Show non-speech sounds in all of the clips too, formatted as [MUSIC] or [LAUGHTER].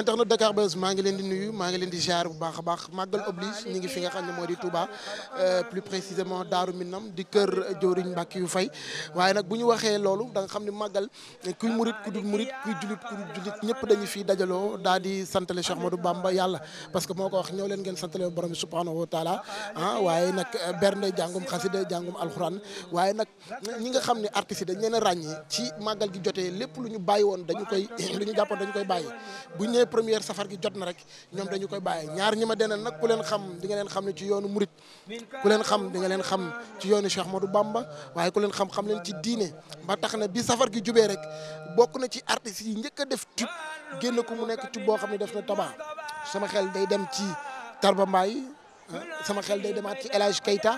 internet Dakar Buzz maa ngi leen di nuyu maa ngi leen di ziar bu baax a baax màggal oblige ñu ngi fi nga xam ne moo di Touba euh, plus précisément Daaru Minam di kër Jawriñ Mbàkke yu fay waaye nag bu ñu waxee loolu da xam ne màggal kuy murit ku julit ku ñëpp dañu fi dajaloo daal di santale Cheikh Ahmadou Bamba yàlla parce que moo ko wax ñëw leen ngeen santale borom bi subhanahu wa taala ah waaye nag euh, bernde jàngum xasida jàngum alxuraan waaye nag ñi nga xam ne artistes yi dañ leen a ràññee ci màggal gi jotee lépp lu ñu bàyyi woon dañu koy [CLEARS THROAT] lu ñu jàppoon dañu koy bàyyi première safar gi jot na rek ñoom dañu koy bàyyi ñaar ñi ma deneen nag ku leen xam di nga leen xam ne ci yoonu murit ku leen xam di nga leen xam ci yoonu Cheikh Modou Bamba waaye ku leen xam xam leen ci diine ba tax na bi safar gi jubee rek bokk na ci artistes yi njëkk a def tub génn ko mu nekk ci boo xam ne def na taba sama xel day dem ci Tarba Mbaye ah, sama xel day demaat ci El kayita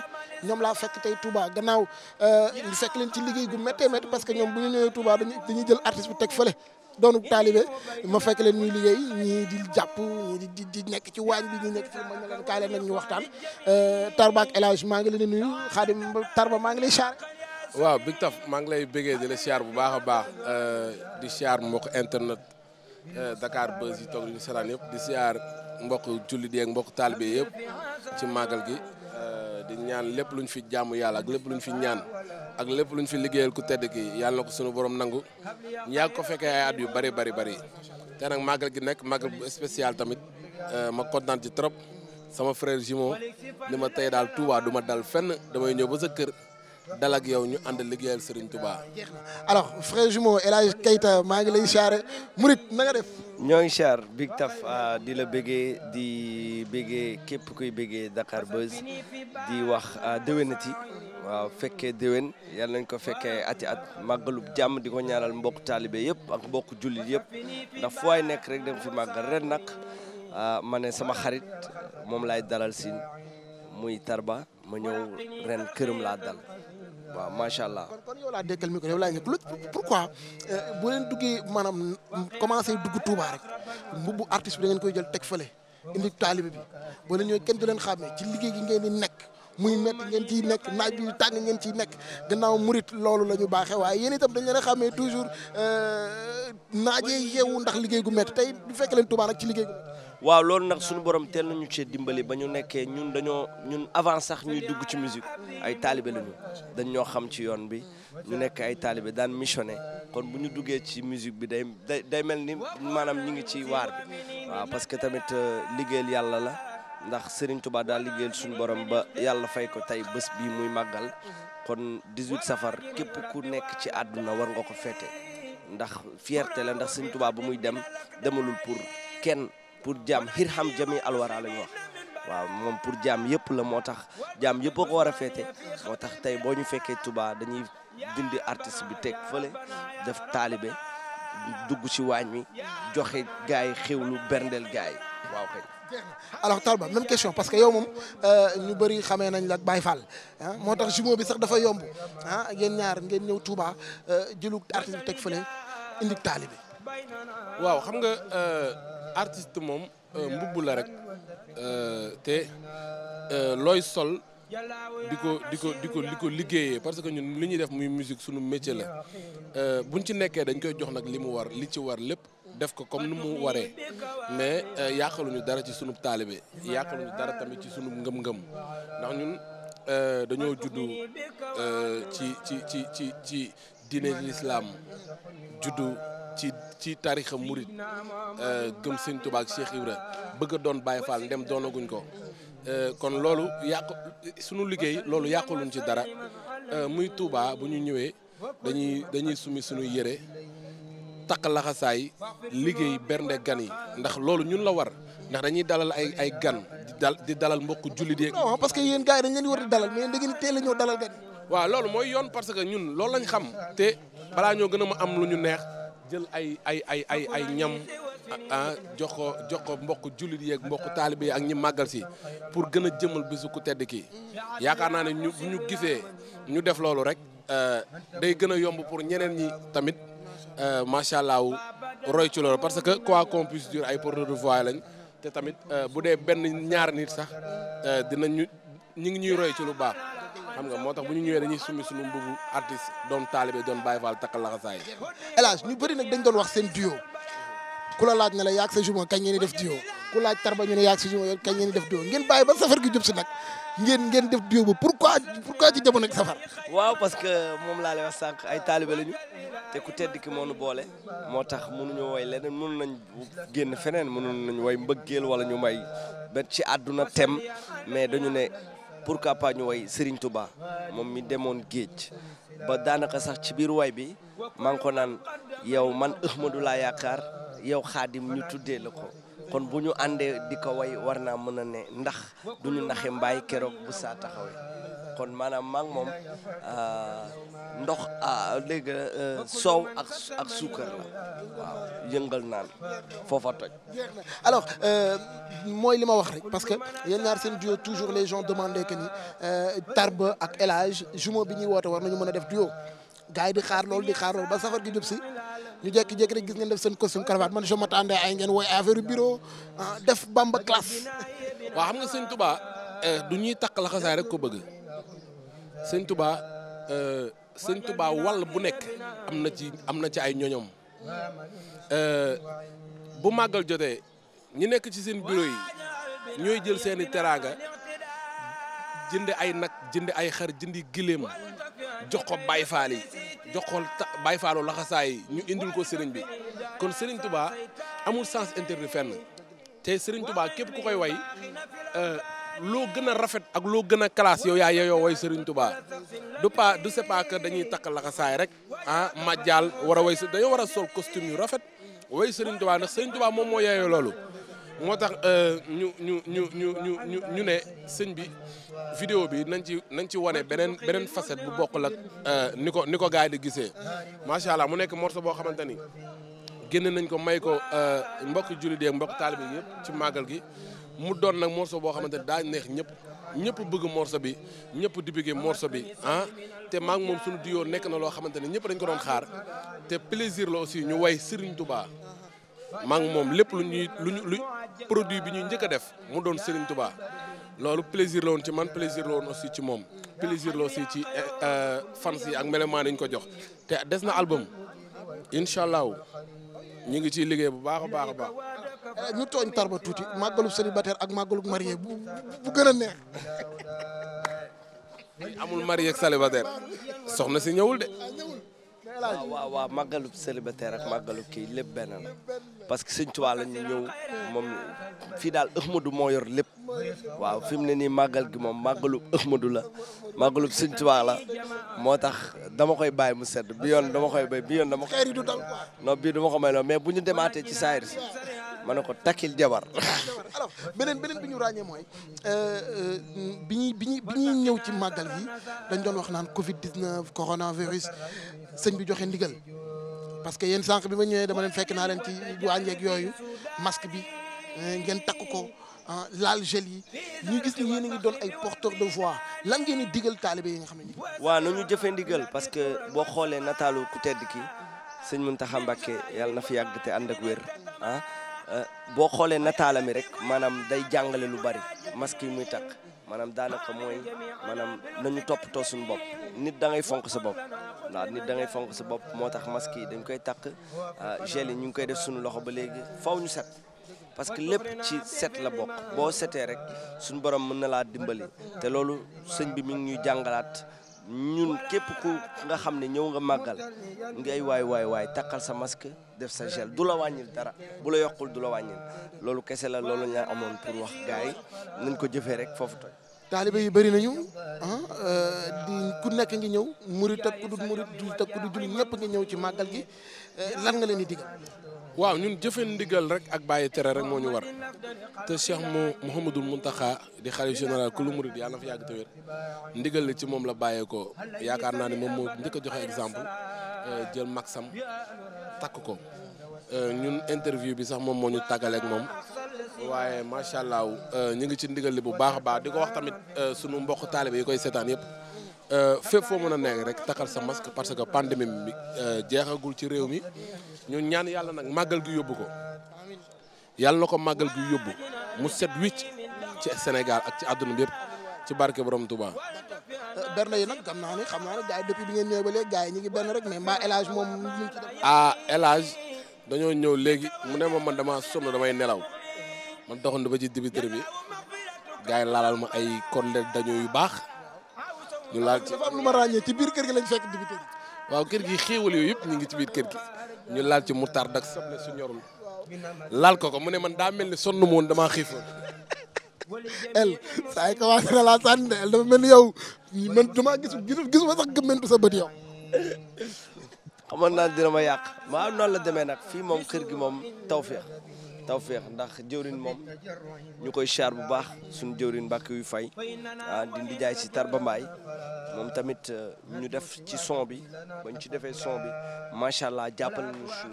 ñoom laa fekk tey Touba gannaaw euh, fekk leen ci liggéey gu méttee métti parce que ñoom bu jël artiste bi teg fële doonu taalibe ma fekk leen ñuy liggéey ñii di jàpp ñii di di nekk ci waañ bi ñi nekk ci ma ne waxtaan euh, Tarba ak El maa ngi leen di nuyu Xaadim Tarba maa ngi lay siyaar. waaw Big Taf maa ngi lay bëggee di la siyaar bu baax a baax euh, di siyaar mbokk internet euh, Dakar Buzz yi toog di yëpp di siyaar mbokk jullit yi ak mbokk taalibe yëpp ci màggal gi. ñaan lépp lu ñu fi jaamu yàlla ak lépp lu ñu fi ñaan ak lépp luñ fi liggéeyal ku tedd ki yàlla na ko suñu boroom nangu ñaa ko fekkee ay yu bari bari bari te nag màggal gi nekk màggal bu spécial tamit euh, ma kontaan ci trop sama frère jumeau ni ma tey daal Touba du ma dal fenn damay ñëw ba sa kër. dal ak yow ñu ànd liggéeyal Serigne Touba. Ah, alors frère jumeau El Hadj Keita maa ngi lay siyaare Murit na def. ñoo ngi siyaar Big Taf ah, di la bëggee di bëggee képp kuy bëggee Dakar Buzz di wax ah, déwénati waaw fekkee déwén yàlla nañ ko fekkee ati at màggalub jàmm di ko ñaaral mbokk taalibe yëpp ak mbokk jullit yëpp ndax fu waay nekk rek dem fi màggal ren nag ma ne sama xarit moom lay dalal si muy Tarba ma ñëw ren këram laa dal. waaw macha allah. kon kon yow laa déggal micro yow laa njëkk lu pourquoi euh, bu leen duggee maanaam commencé dugg Touba rek mbubbu artiste bi ngeen koy jël teg fële indi taalibe bi boo leen ñëwee kenn du leen xàmmee ci liggéey gi ngeen di nekk muy métti ngeen ci nekk naaj bi tàng ngeen ciy nekk gannaaw murit loolu la ñu baaxee waaye yéen itam dañ leen a xàmmee toujours euh, naajee yeewu ndax liggéey gu mett tey bu fekk leen Touba rek ci liggéey gu waaw loolu nag suñu borom teel ñu cee dimbali ba ñu nekkee ñun dañoo ñun avant sax ñuy dugg ci musique ay taalibe lañu dañ ñoo xam ci yoon bi ñu nekk ay taalibe daan missionné kon bu ñu duggee ci musique bi day day mel ni maanaam ñu ngi ci waar bi waaw parce que tamit euh, liggéeyal yàlla la ndax Serigne Touba daal liggéeyal suñu borom ba yàlla fay ko tey bés bii muy màggal kon 18 safar képp ku nekk ci àdduna war nga ko fete ndax fierte la ndax Serigne Touba ba muy dem demalul pour pour jaam xirxam jami alwara la ñu wax waaw moom pour jaam yëpp la moo tax jaam yëpp a war a feete moo tax tey boo ñu fekkee tubaa dañuy dindi artiste bi teg fële def taalibe dugg ci waañ mi joxe gaay yi xewlu berndeel gaay waaw kay. alors Talba même question parce que yow moom euh, ñu bari xamee nañ la Baye Fall moo tax jumeau bi sax dafa yomb ah yéen ñaar ngeen ñëw Touba euh, jëlu artiste bi teg fële indi taalibe waaw xam nga euh, artiste moom euh, mbubb la rek euh, te looy sol di ko di ko di ko di ko liggéeyee parce que ñun li ñuy def muy musique suñu métier la buñ ci nekkee dañ koy jox nag li mu war li ci war lépp def ko comme ni mu waree mais yàqaluñu dara ci sunu taalibe yàqaluñu dara tamit ci sunu ngëm-ngëm ndax ñun dañoo juddu ci ci ci ci diine lislaam juddu ci ci tarixa murit euh, gëm sëñ Tuubaa ak Cheikh Ibra bëgg doon Baay Faal ndem doonaguñ ko euh, kon loolu yàqu sunu liggéey loolu yàquluñ ci dara euh, muy Tuubaa bu ñu ñëwee dañuy dañuy sumi suñuy yëre takk laxasaay liggéey bernde gan yi ndax loolu ñun la war ndax dañuy dalal ay ay gan di dal di dalal mbokk jullit yeeg non parce que yéen dañ leen war di dalal mais yéen da ngeen teel a dalal gan waaw loolu mooy yoon parce que ñun loolu lañ xam te balaa ñoo gën a ma am lu ñu neex jël ay ay ay ay ay ñam ah jox ko jox ko mbokk jullit yeeg mbokk taalibe yi ak ñi màggal si pour gën a jëmal bisu ku tedd kii yaakaar naa ne ñu bu ñu gisee ñu def loolu rek eh, day gën a yomb pour ñeneen ñi tamit eh, macha allah roy ci loolu parce que quoi qu'on puisse dire ay porteurs de voix lañ te tamit eh, bu dee benn ñaar nit sax dinañu ñu ngi ñuy roy ci lu baax. xam nga moo tax bu ñu ñëwee dañuy summi suñu mbubu artiste doon taalibe doon Baye Fall takkal laxasaay El ñu bëri nag dañ doon wax seen duo ku la laaj ne la yaag sa kañ ngeen def duo ku laaj tarba ñu ne yaag sa jumeau kañ ngeen di def duo ngeen bàyyi ba safar gi jub nag ngeen ngeen def duo bu pourquoi pourquoi ci jamono ak safar waaw parce que moom laa lay wax sànq ay taalibe lañu te ku tedd ki moo nu boole moo tax mënuñu woy leneen mënu nañ génn feneen mënu nañ woy mbëggeel wala ñu may ba ci àdduna tem mais dañu ne pourquoi pas ñu way Serigne Touba moom mi demoon géej ba daanaka sax ci biiru way bi maa ngi ko naan yow man Ahmadou yaakaar yow xaadim ñu tuddee la ko kon bu ñu àndee di ko way war naa mën a ne ndax du ñu naxe mbaay keroog bu saa taxawee kon maanaam maa ngi moom ah, ndox ah, dégg euh, soow ak ak suukar la ah, waaw yëngal naan foofa toj. alors euh, mooy li ma wax rek parce que yéen ñaar seen duo toujours les gens demandaient que ni euh, Tarba ak El jumeau bi ñuy woote war nañu mën a def duo gars yi di xaar loolu di xaar loolu ba safar gi jub si. ñu jekki jékki rek gis ngeen def seen costume cravate man je m'attendais ay ngeen woy affaire bureau def bamba classe. waaw xam nga sëñ Tuubaa du ñuy takk laxasaay rek ko bëgg sëñ tubaa euh, sëñ tubaa wàll bu nekk am na ci am na ci ay ñoñom euh, bu màggal jotee ñu nekk ci seen bureau yi ñooy jël seeni teraanga jënd ay nag jënd ay xar jëndi giléem jox ko Baay Faal jox ko Baay laxasaay ñu indil ko sëriñ bi kon sëriñ tubaa amul sens interdit fenn te sëriñ tubaa képp ku koy way euh, loo gën a rafet ak loo gën a classe yow yaa yeyoo way Serigne Touba du pas du c'est pas que dañuy takk laxasaay rek ah majjaal wara a way dañoo war a sol costume yu rafet way Serigne Touba ndax Serigne Touba moom moo yeyoo loolu moo tax euh, ñu ñu ñu ñu ñu ñu ñu ne sëñ bi vidéo bi nañ ci nañ ci wane beneen beneen facette bu bokkul ak euh, ni ko ni ko gars gisee macha allah mu nekk morceau boo xamante ni génn nañ ko may ko euh, mbokk jullit yi mbokk taalibe yëpp ci màggal gi mu doon nag morceau boo xamante ne daa neex ñëpp ñëpp bëgg morso bi ñëpp di bëggee morceau bi ah te maa moom suñu duyoo nekk na loo xamante ne ñëpp dañ ko doon xaar te plaisir la aussi ñu way Serigne Touba maa moom lépp lu ñuy lu lu produit bi ñuy njëkk def mu doon Serigne Touba loolu plaisir la woon ci man plaisir la woon aussi ci moom plaisir la aussi ci eh, eh, fans yi ak melemaan dañ ko jox te des na album incha allah ñu ngi ciy liggéey bu baax a baax a baax. Eh, ñu tooñ tarba tuuti màggalu célibataire ak màggalu marié bu bu gën a neex. amul marié ak soxna si ñëwul de. Ah, waaw ah, waaw waaw màggalu célibataire ak màggalu kii lépp benn la parce que sëñ Tuubaa la ñu ñëw moom daal Ahmadu moo yor lépp waaw fi mu ne nii màggal gi moom màggalu Ahmadu la màggalu sëñ Tuubaa moo tax dama koy bàyyi mu sedd bi yoon dama koy bay bi yoon dama koy. non bii dama ko may mais bu ñu demaatee ci saayir si ma ne ko takkil jabar [LAUGHS] alors beneen beneen bi ñu ràññee mooy euh, euh, bi ñuy bi ñuy bi ñuy ñëw ci màggal gi dañ doon wax naan Covid 19 coronavirus sëñ bi joxe ndigal parce que yéen sànq bi ma ñëwee dama leen fekk naa leen ci waañeeg yooyu masque bi euh, ngeen takk ko ah, laal gel yi ñu gis ni doon ay porteur de voix lan ngeen di yi nga xam ne. waaw na ñu jëfee ndigal parce que boo xoolee na taalu ku tedd ki sëñ mun Mountakha Mbacké yàlla na fi yàgg te ànd ak wér ah. Euh, boo xoolee nataala mi rek maanaam day jàngale lu bari maski yi muy takk maanaam daanaka mooy maanaam nañu toppatoo suñu bopp nit da ngay fonk sa bopp waaw nit dangay fonk sa bopp moo tax maski yi dañ koy takk euh, gel ñu ngi koy def suñu loxo ba léegi faw ñu set parce que lépp ci set la bokk boo setee rek suñu borom mën na laa dimbali te loolu sëñ bi mu ngi ñuy jàngalaat ñun képp ku nga xam ne ñëw nga màggal ngay waay waay waay takkal sa masque def sa gel du la wàññil dara bu la yokkul du la wàññil loolu kese la loolu ñaa amoon pour wax gars yi nañ ko jëfee rek foofu toj taalibe yi bëri nañu ah euh, ku nekk ngi ñëw murit ak ku dul murit jul ak ku dul jul ñëpp ngi ñëw ci màggal gi euh, lan nga leen di digal waaw ñun jëfe ndigal rek ak bàyyi tere rek moo ñu war te Cheikh mu Mouhamadul Mountakha di xalif général ku lu murid yàlla na fa yàgg te wér ndigal li ci moom la bàyyee ko yaakaar naa ne moom moo njëkk a joxe exemple eh, jël mag sam takk ko eh, ñun interview bi sax moom moo ñu tàggaleek moom waaye macha allah eh, ñu ngi ci ndigal li bu baax a baax di ko wax tamit sunu mbokk taalibe yi koy seetaan yëpp. Euh, fépp foo mën a nekk rek takkal sa masque parce que pandémie bi euh, jeexagul ci réew mi ñu ñaan yàlla nag màggal gi yóbbu ko yàlla na ko màggal gi yóbbu mu set wicc ci Sénégal ak ci àdduna bi yëpp ci barke borom Touba. Euh, berne yi nag xam naa ne xam naa ne gars yi depuis bi ngeen ñëwee ba léegi gars yi ñu ngi benn rek mais mbaa élage moom ñu ngi ah, ñëw léegi mu ne ma man damaa sonn damay nelaw man doxandu ba ci dibitër bi gars laalal ma ay cornet dañoo baax. ñu laal ci am lu ma ràññee ci biir kër gi lañ fekk député yi waaw kër gi xéewal yooyu yëpp ñu ngi ci biir kër gi ñu laal ci moutarde ak soble su ñorul laal ko ko mu ne man daa mel ni sonn mu woon damaa xiifoon el saa yi commencé na laa sànni de el dafa mel ni yow man damaa gis gisuma sax gëmmentu sa bët yow xamoon naa dina ma yàq maa noonu la demee nag fii moom kër gi moom tawfeex tawféex ndax jëwrin moom ñu koy char bu baax suñu jëwrin mbàkk yu fay ah di jaay ci Tarba Mbaay moom tamit euh, ñu def ci son bi bañ ci defee son bi macha allah jàppale nañu ci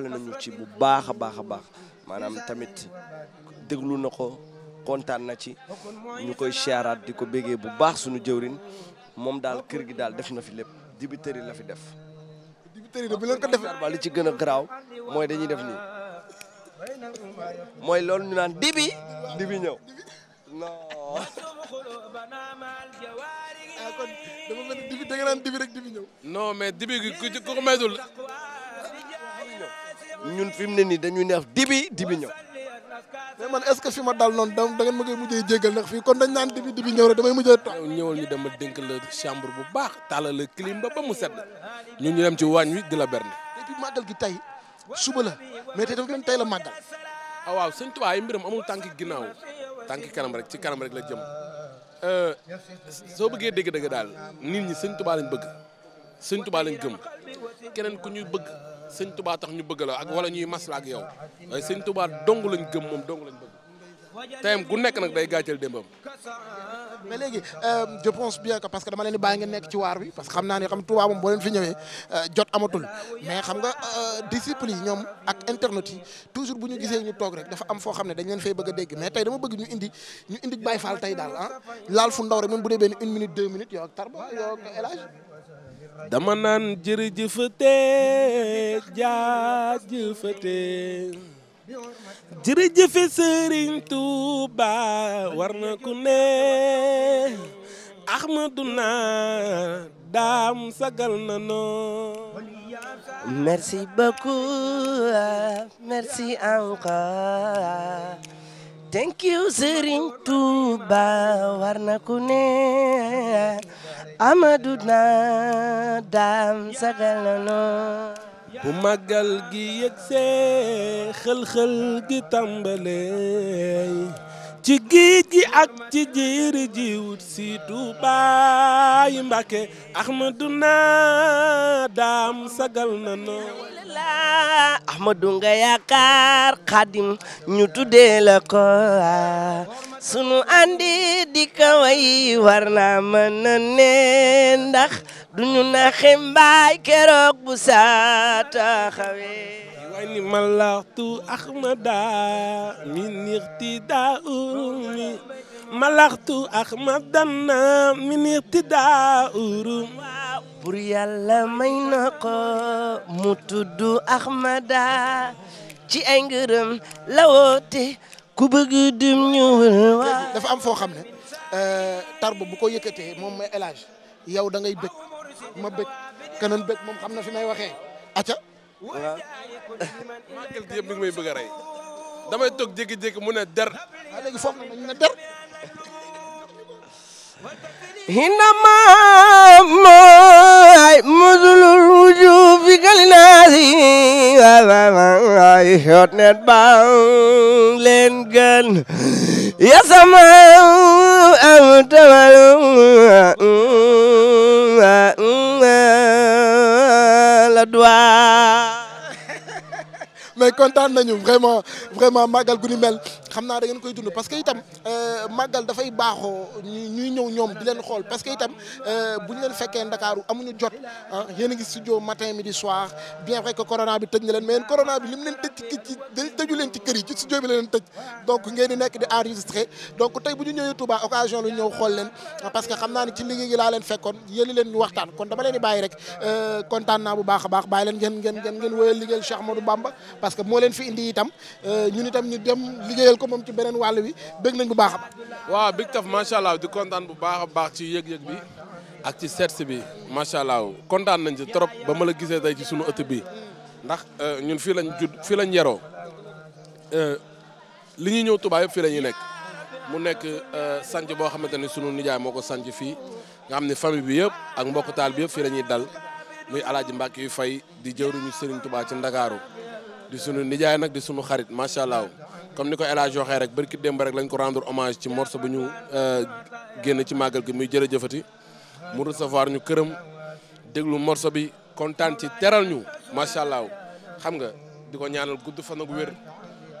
nañu ci bu baax a baax a baax maanaam tamit déglu na ko kontaan na ci ñu koy charaat di ko bégee bu baax suñu jëwrin moom daal kër gi daal def na fi lépp dibiteri la fi def. dibiteri la bi leen ko ci gën a garaaw mooy dañuy def nii. mooy loolu ñu naan dibi dibi ñëw non. ah kon dama dibi da nga naan dibi rek dibi ñëw. non mais dibi gi ku ci ñun fi mu ne nii dañuy neef dibi dibi ñëw. mais man est-ce que fi ma dal noonu da da ngeen ma koy mujjee jéggal ndax fii kon dañ naan dibi dibi ñëw rek damay mujjee toog. ñëwal ñu dama dénk la chambre bu baax tàllal la clim ba ba mu set sedd ñun ñu dem ci waañ wi di la berne. et puis gi tey suba la. mais tey dafa gën tey la màggal. ah waaw sëñ Tuubaa ay mbiram amul tànk ginnaaw tànk kanam rek ci kanam rek la jëm euh, soo bëggee dégg-dégg daal nit ñi sëñ Tuubaa lañ bëgg sëñ Tuubaa lañ gëm keneen ku ñuy bëgg sëñ Tuubaa tax ñu bëgg la ak wala ñuy masla ak yow waaye sëñ Tuubaa dong lañ gëm moom dong lañ bëgg teyam gu nekk nag day gàcceel démbam mais léegi euh, je pense bien parce que dama leen di bàyyi ngeen nekk ci waar bi parce que xam naa ne xam Touba moom boo leen fi ñëwee euh, jot amatul mais xam nga euh, disciples yi ñoom ak internet yi toujours bu ñu gisee ñu toog rek dafa am foo xam ne dañ leen fay bëgg a dégg mais tey dama bëgg ñu indi ñu indi Baye Fall tey daal ah laal fu ndaw rek même bu dee benn une minute deux minutes yow ak Tarba yow ak El Hadj dama naan jërëjëfate jaajëfate jërëjëfe sëriñ Touba war na ku ne Axmaduna daam sagal na noo merci beaucoup merci encore thank you sëriñ Touba war ku ne Axmaduna daam sagal na noo bu màggal gi yëgsee xël-xël gi tàmbalee ci géej gi ak ci jéeri ji wut si Tuubaa yi Mbàkke Ahmadu daam sagal na noo Ahmadu nga yaakaar Xaadim ñu tuddee la ko sunu andi di kaway war naa mën a ne ndax duñu na xembaay keroog bu saata xawee واني ملغت احمدا من اقتداء رومي ملغت احمدا من اقتداء رومي pour yàlla may na ko mu tudd Ahmada ci ay ngërëm la woote ku bëgg dim ñëwal waa dafa am foo xam ne euh, tarba bu ko yëkkatee moom may élage yow da ngay bëgg ma bëgg keneen bëgg moom xam na fi may waxee voilà. màggal gi yëpp mi ngi may bëgg a rey damay toog jékki-jékki mu ne der. waaw ah, léegi foofu nag ñu ne der. إنما مثل الوجوه في كالناسي يحنت بانلين la doit mais kontaan nañu vraiment vraiment màggal gu ni mel xam naa da ngeen koy dund parce que itam euh, màggal dafay baaxoo ñuy ñëw ñoom di leen xool parce que itam euh, bu ñu leen fekkee Ndakaaru amuñu jot ah a ngi studio matin midi soir bien bi leen leen tëj ci ci tëju leen ci kër yi ci studio bi la leen tëj donc ngeen nekk di enregistré donc tey bu ñu ñëwee Touba occasion lu ñëw xool leen ah, parce que xam naa ne ci liggéey gi laa leen fekkoon yéen leen ñu waxtaan kon dama leen di bàyyi rek euh, kontaan naa bu baax baax bàyyi leen ngeen ngeen ngeen wéyal liggéeyal Cheikh parce que moo leen fii indi itam euh, ñun itam ñu dem liggéeyal ko moom ci beneen wàll wi bëgg nañ bu baax a waaw big taf macha allah di kontaan bu baax baax ci yëg-yëg bi ak ci seetsi bi macha allah kontaan nañ ci trop ba ma la gisee tey ci sunu ëtt bi ndax euh, ñun fii lañ judd fii lañ yaroo euh, li ñuy ñëw Touba yëpp fii la ñuy nekk mu nekk sanc boo xamante ni sunu nijaay moo ko sanc fii nga xam ne famille bi yëpp ak mbokk taal bi yëpp fii la ñuy dal muy alaaji Mbàkke yu fay di jëwriñu Serigne Touba ci Ndakaaru di sunu nijaay nag di sunu xarit macha allah comme ni ko El Hadj rek barki démb rek lañ ko rendre hommage ci morceau bu ñu euh, génn ci màggal gi muy jërëjëfati mu recevoir ñu këram déglu morso bi kontaan ci teral ñu macha allah xam nga di ko ñaanal gudd fan ak wér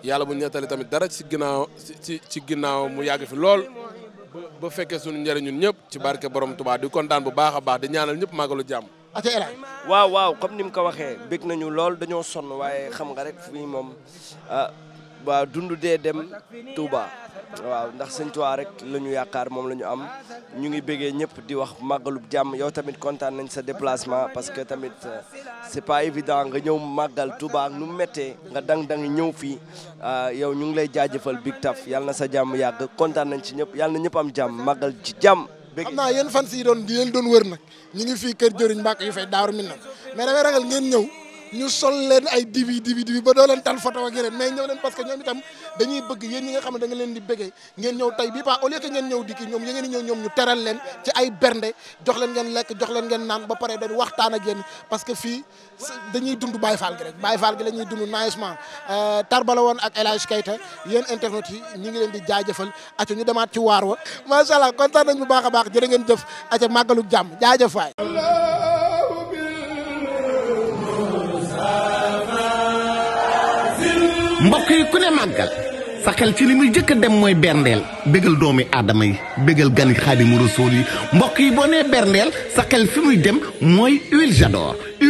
yàlla bu ñettalee tamit dara ci ginnaaw ci ci ginnaaw mu yàgg fi lool. ba fekkee sunu njëriñ ñun ñëpp ci barke borom Tuubaa di kontaan bu baax a baax di ñaanal ñëpp màggalu jàmm. waaw waaw comme ni mu ko waxee bëgg nañu lool dañoo sonn waaye xam nga rek fii moom ah waa dund dee dem Touba. waaw ndax sëñ Touba rek la ñu yaakaar moom la ñu am ñu ngi bëggee ñëpp di wax màggalub jàmm yow tamit kontaan nañ sa déplacement parce que tamit euh, c'est pas évident nga ñëw màggal Touba nu mu méttee nga dang-dang ñëw fii ah, yow ñu ngi lay jaajëfal Big Taf yàlla na sa jàmm yàgg kontaan nañ ci ñëpp yàlla na ñëpp am jàmm màggal ci jàmm. xam naa yéen fans yi doon di leen doon wër nag ñu ngi fii kër Jëriñ Mbàkke yu fay Daaru Minam mais damay ragal ngeen ñu sol leen ay dibi dibi dibi ba doo leen tal photo ak yeneen mais ñëw leen parce que ñoom itam dañuy bëgg yéen ñi nga xam ne da leen di bëggee ngeen ñëw tay bi pas au lieu que ngeen ñëw dikki ñoom ya ngeen ñëw ñoom ñu teral leen ci ay bernde jox leen lekk jox leen ngeen naan ba pare dañ waxtaan a yéen parce que fii dañuy dund Baye Fall gi rek Baye Fall gi la ñuy dund nagisement euh, tarbala woon ak El Hadj Keita yéen internet yi ñu ngi leen di jaajëfal aco ñu demaat ci waar wa macha allah kontaan nañ bu baax a baax ngeen jëf aca màggalu jàmm jaajëf waay mbokk yi ku ne màggal sa xel ci li muy jëkk a dem mooy berndeel bégal doomi aadama yi bégal gani xaadimu rasool yi mbokk yi boo nee berndeel sa xel fi muy dem mooy huile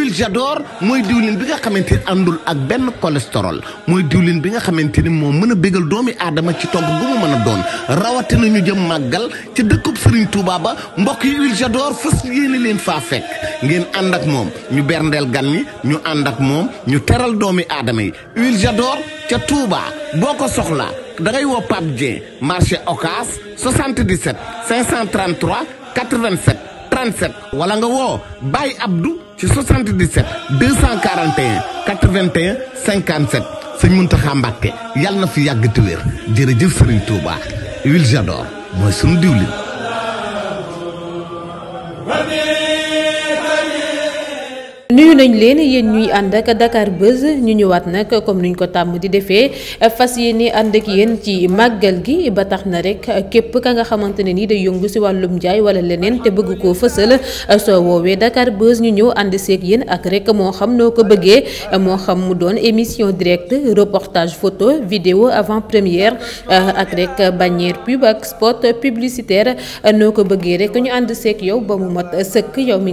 huile mooy diwlin bi nga xamante ni àndul ak benn cholestérol mooy diwlin bi nga xamante ni moo mën a bégal doomi aadama ci tomb bu mu mën a doon rawatina ñu jëm màggal ca dëkkub Serigne Touba ba mbokk yi huile j'adore fas yéene leen faa fekk ngeen ànd ak moom ñu berndeel gan ñi ñu ànd ak moom ñu teral doomi aadama yi huile j'adore ca Touba boo ko soxla dangay ngay woo Pape Dieng marché Ocass 77 533 87 37 wala nga woo Baye Abdou ci 77 241 81 57 sëñ Muntaxa Mbàkke yàlla na fi yàgg te wér jërëjëf Serigne Touba huile j'adore mooy sunu diwlin. nuyu nañ leen yéen ñuy ànd ak Dakar Buzz ñu ñëwaat nag comme nuñ ko tàmm di defee fas yéene ànd ak yéen ci màggal gi ba tax na rek képp ka nga xamante ne nii day yëngu si wàllum njaay wala leneen te bëgg koo fësal soo woowee Dakar Buzz ñu ñëw ànd seeg yéen ak rek moo xam noo ko bëggee moo xam mu doon émission direct reportage photo vidéo avant première ak rek bannière pub ak spot publicitaire noo ko bëggee rek ñu ànd seeg yow ba mu mat sëkk yow mi